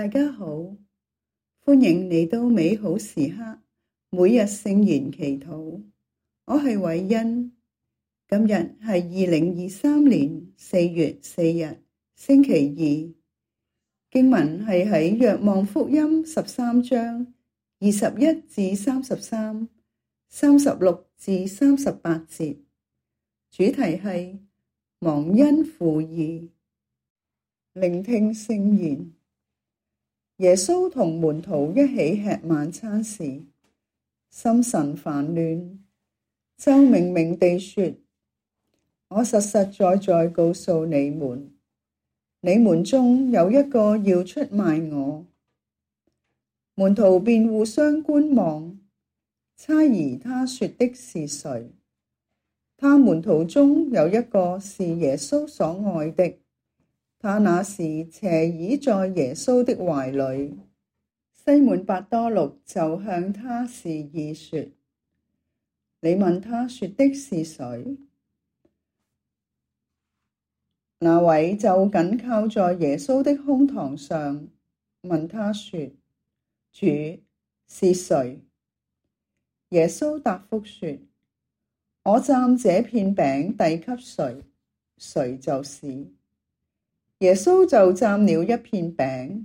大家好，歡迎你到美好時刻，每日聖言祈禱。我係偉恩，今日係二零二三年四月四日星期二，經文係喺《若望福音》十三章二十一至三十三、三十六至三十八節，主題係忘恩負義，聆聽聖言。耶穌同門徒一起吃晚餐時，心神煩亂，就明明地說：我實實在在告訴你們，你們中有一個要出賣我。門徒便互相觀望，猜疑他說的是誰。他門徒中有一個是耶穌所愛的。他那時斜倚在耶穌的懷裏，西門伯多祿就向他示意說：你問他說的是誰？那位就緊靠在耶穌的胸膛上問他說：主！是誰？耶穌答覆說：我蘸這片餅遞給誰，誰就是。耶穌就蘸了一片餅，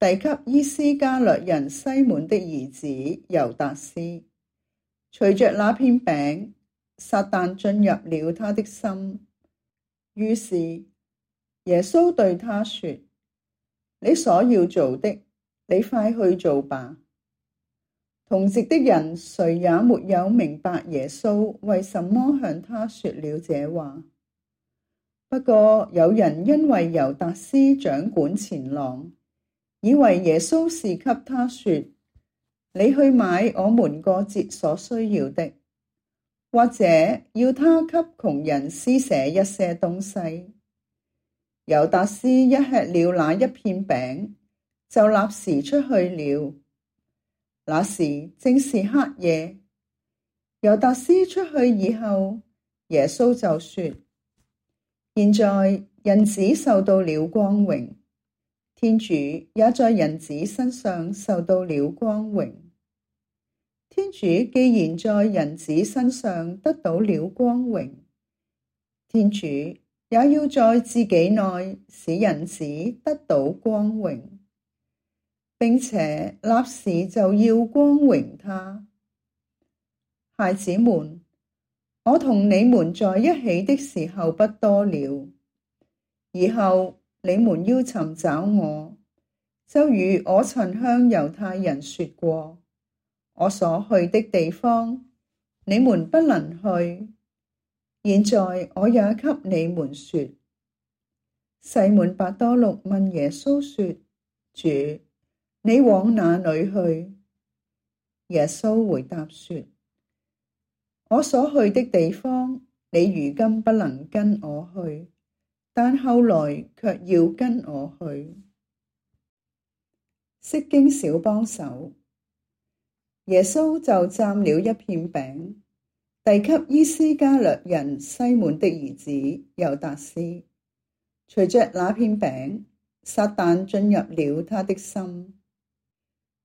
遞給依斯加略人西門的兒子猶達斯。隨着那片餅，撒旦進入了他的心。於是耶穌對他說：你所要做的，你快去做吧。同席的人誰也沒有明白耶穌為什麼向他說了這話。不過，有人因為猶達斯掌管錢囊，以為耶穌是給他說：你去買我們過節所需要的，或者要他給窮人施捨一些東西。猶達斯一吃了那一片餅，就立時出去了。那時正是黑夜。猶達斯出去以後，耶穌就說：現在人子受到了光榮，天主也在人子身上受到了光榮。天主既然在人子身上得到了光榮，天主也要在自己內使人子得到光榮，並且立時就要光榮他。孩子們！我同你們在一起的時候不多了，以後你們要尋找我，就如我曾向猶太人說過，我所去的地方，你們不能去。現在我也給你們說。西滿伯多祿問耶穌說：主，你往哪裡去？耶穌回答說。我所去的地方，你如今不能跟我去，但後來却要跟我去。釋經小幫手，耶穌就蘸了一片餅，遞給依斯加略人西滿的兒子猶達斯。隨着那片餅，撒旦進入了他的心。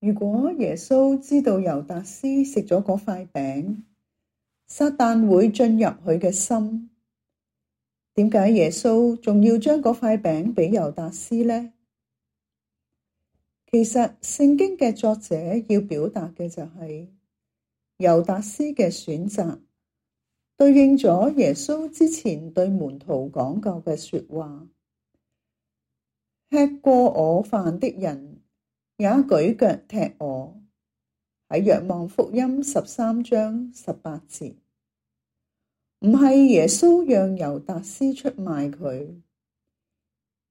如果耶穌知道猶達斯食咗嗰塊餅，撒殫會進入佢嘅心，點解耶穌仲要將嗰塊餅畀猶達斯呢？其實聖經嘅作者要表達嘅就係猶達斯嘅選擇，對應咗耶穌之前對門徒講過嘅說話：吃過我飯的人，也舉腳踢我。喺《若望福音》十三章十八節，唔係耶穌讓猶達斯出賣佢，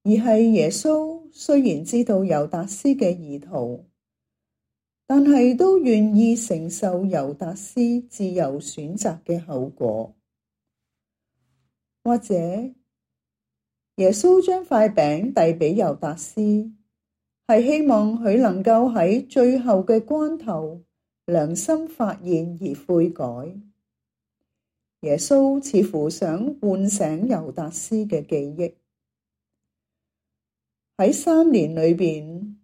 而係耶穌雖然知道猶達斯嘅意圖，但係都願意承受猶達斯自由選擇嘅後果。或者耶穌將塊餅遞俾猶達斯，係希望佢能夠喺最後嘅關頭。良心發現而悔改。耶穌似乎想喚醒猶達斯嘅記憶。喺三年裏邊，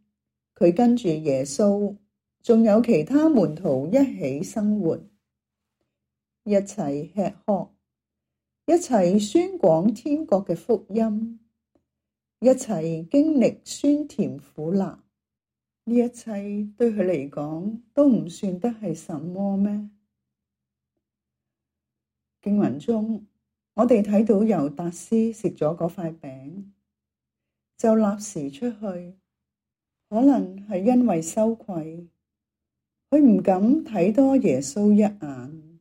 佢跟住耶穌，仲有其他門徒一起生活，一齊吃喝，一齊宣講天國嘅福音，一齊經歷酸甜苦辣。呢一切對佢嚟講都唔算得係什麼咩？經文中，我哋睇到猶達斯食咗嗰塊餅，就立時出去，可能係因為羞愧，佢唔敢睇多耶穌一眼，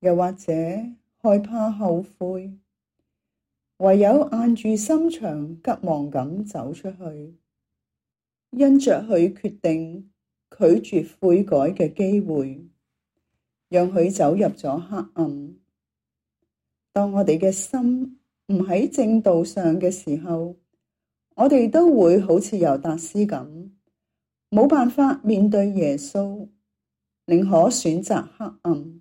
又或者害怕後悔，唯有硬住心腸，急忙咁走出去。因着佢決定拒絕悔改嘅機會，讓佢走入咗黑暗。當我哋嘅心唔喺正道上嘅時候，我哋都會好似猶達斯咁，冇辦法面對耶穌，寧可選擇黑暗，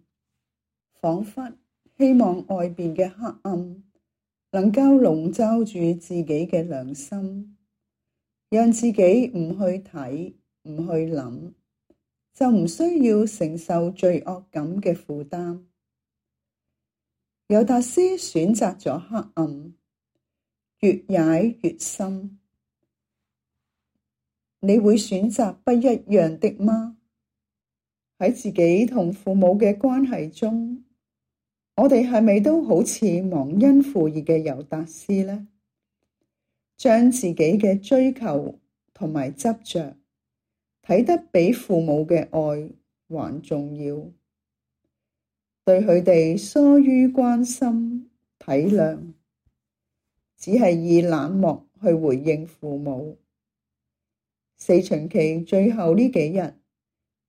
仿佛希望外面嘅黑暗能夠籠罩住自己嘅良心。讓自己唔去睇、唔去諗，就唔需要承受罪惡感嘅負擔。猶達斯選擇咗黑暗，越踩越深。你會選擇不一樣的嗎？喺自己同父母嘅關係中，我哋係咪都好似忘恩負義嘅猶達斯呢？將自己嘅追求同埋執着睇得比父母嘅愛還重要，對佢哋疏於關心體諒，只係以冷漠去回應父母。四旬期最後呢幾日，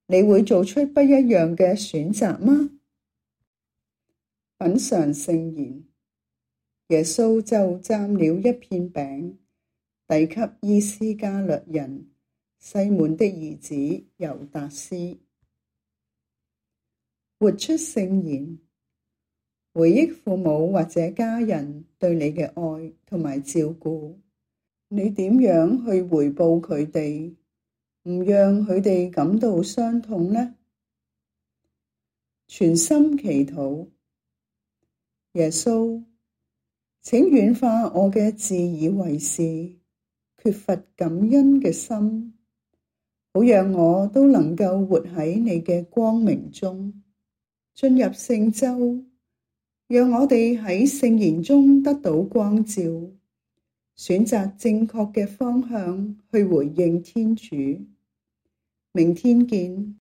你會做出不一樣嘅選擇嗎？品嚐聖言。耶穌就蘸了一片餅，遞給依斯加略人西滿的兒子猶達斯，活出聖言，回憶父母或者家人對你嘅愛同埋照顧，你點樣去回報佢哋，唔讓佢哋感到傷痛呢？全心祈禱，耶穌。請軟化我嘅自以為是、缺乏感恩嘅心，好讓我都能夠活喺你嘅光明中，進入聖週，讓我哋喺聖言中得到光照，選擇正確嘅方向去回應天主。明天見。